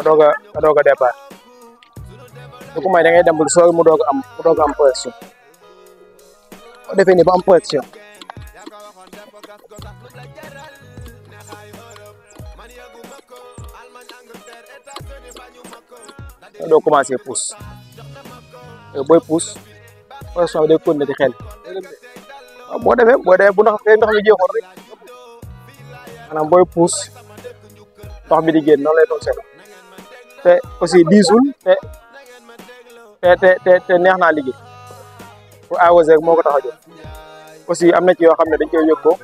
adoga adoga départ du ko may da ngay dem bu sol mu doog am mu doog am pression o defé ni ba am pression do commencé pousse boy pousse pression day kon di xel bo boleh, bo démé bu ndox ndox mi jéxor rek manam boy pousse tax bi di génn noonu lay fonctionné te aussi diisul te te te te neex naa liggéey bu AOS rek moo ko tax a jóg aussi am na ci yoo xam ne dañ koy yëkkoo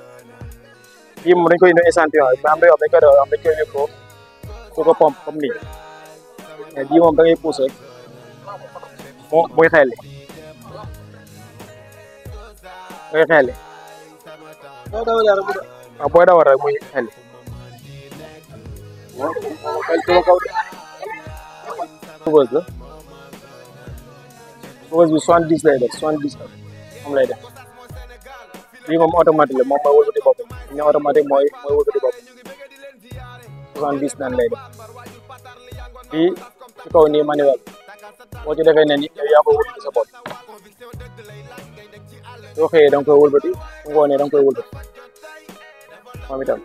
yii moom dañ koy indi échantillon mais am na yoo xam dañ koy doon am dañ koy yëkkoo su ko pompe comme nii mais bii moom da ngay pousse rek mu muy xeeli muy xeeli waaw booy dawal rek muy xeeli suba la suba bi soixante dix lay def soixante dix moom lay def bii moom automatique la moom mooy wëkkati boppam ñu ne automatique mooy mooy wëkkati boppam soixante dix nan lay def bii ci kaw nii manuel boo ci defee ne ni yow yaa ko i sa bopp soo xëyee da nga koy wëlbati su ngoonee da nga koy wëlbati moom itam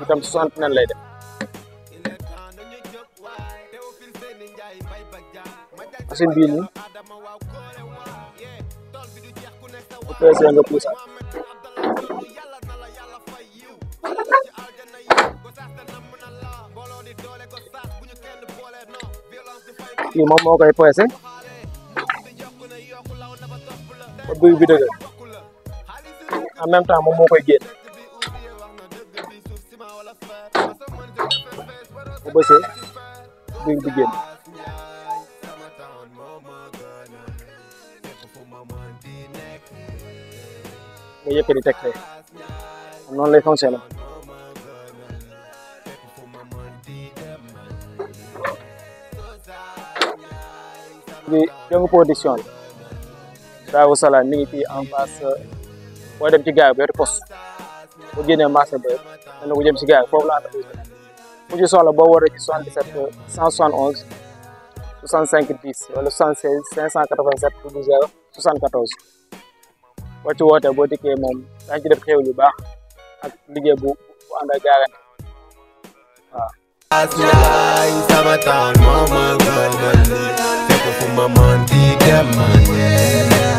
bu tam soixante nan lay def machine bii nii bu peesee nga puusaat kii moom moo koy peese ba buy bi dëgg en même temps koy bësee duñ bi génn nga yëkkati teg fee noonu lay fonctionné bi jëngu production la Daaru Salaam mi ngi fii en face boo dem ci gaar bi wetu poste boo génnee marché ba dana ko jëm ci gaar foofu laa mu ci soxla boo wootee ci 77 171 65 10 wala 76 587 12 74 boo ci wootee boo dikkee moom daañu ci def xéw yu baax ak liggéey bu bu ànd ak garanti waaw. sama